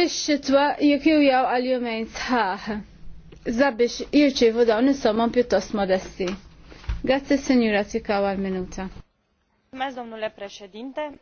fix-xitwa jikjujaw għal jumejn sħaħ sabiex jirċivu dawn is-somma pjuttost modesti. Grazzi Sinjura Tikaw għal minuta. Mez le președinte,